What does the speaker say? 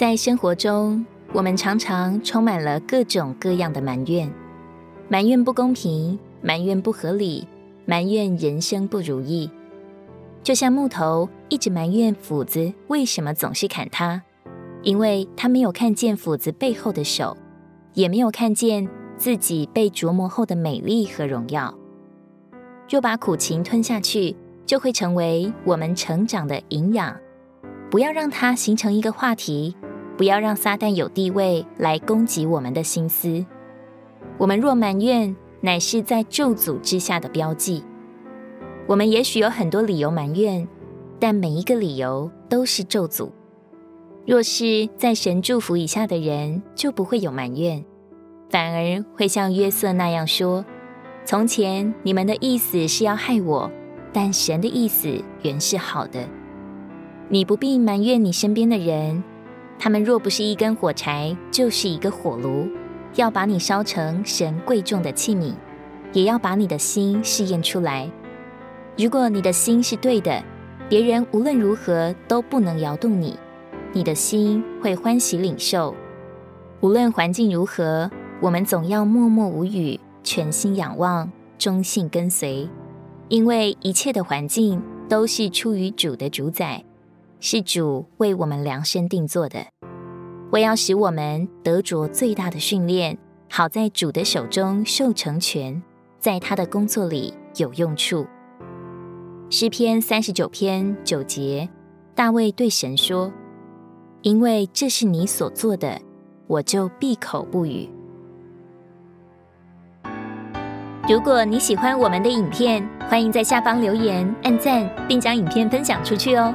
在生活中，我們常常充滿了各種各樣的埋怨，埋怨不公平，埋怨不合理，埋怨人生不如意。就像木頭一直埋怨斧子為什麼總是砍它，因為它沒有看見斧子背後的手，也沒有看見自己被琢磨後的美麗和榮耀。若把苦情吞下去，就會成為我們成長的營養。不要讓它形成一個話題。不要讓撒旦有地位來攻擊我們的心思。我們若埋怨，乃是在咒詛之下的標記。我們也許有很多理由埋怨，但每一個理由都是咒詛。若是在神祝福以下的人，就不會有埋怨，反而會像約瑟那樣說：“從前你們的意思是要害我，但神的意思原是好的。”你不必埋怨你身邊的人。他們若不是一根火柴，就是一個火爐，要把你燒成神貴重的器皿，也要把你的心試驗出來。如果你的心是對的，別人無論如何都不能搖動你，你的心會歡喜領受。無論環境如何，我們總要默默無語，全心仰望，忠信跟隨，因為一切的環境都是出於主的主宰。是主為我們量身定做的，為要使我們得着最大的訓練，好在主的手中受成全，在他的工作裡有用處。詩篇三十九篇九節，大衛對神說：“因為這是你所做的，我就閉口不語。”如果你喜歡我們的影片，歡迎在下方留言、按讚，並將影片分享出去哦。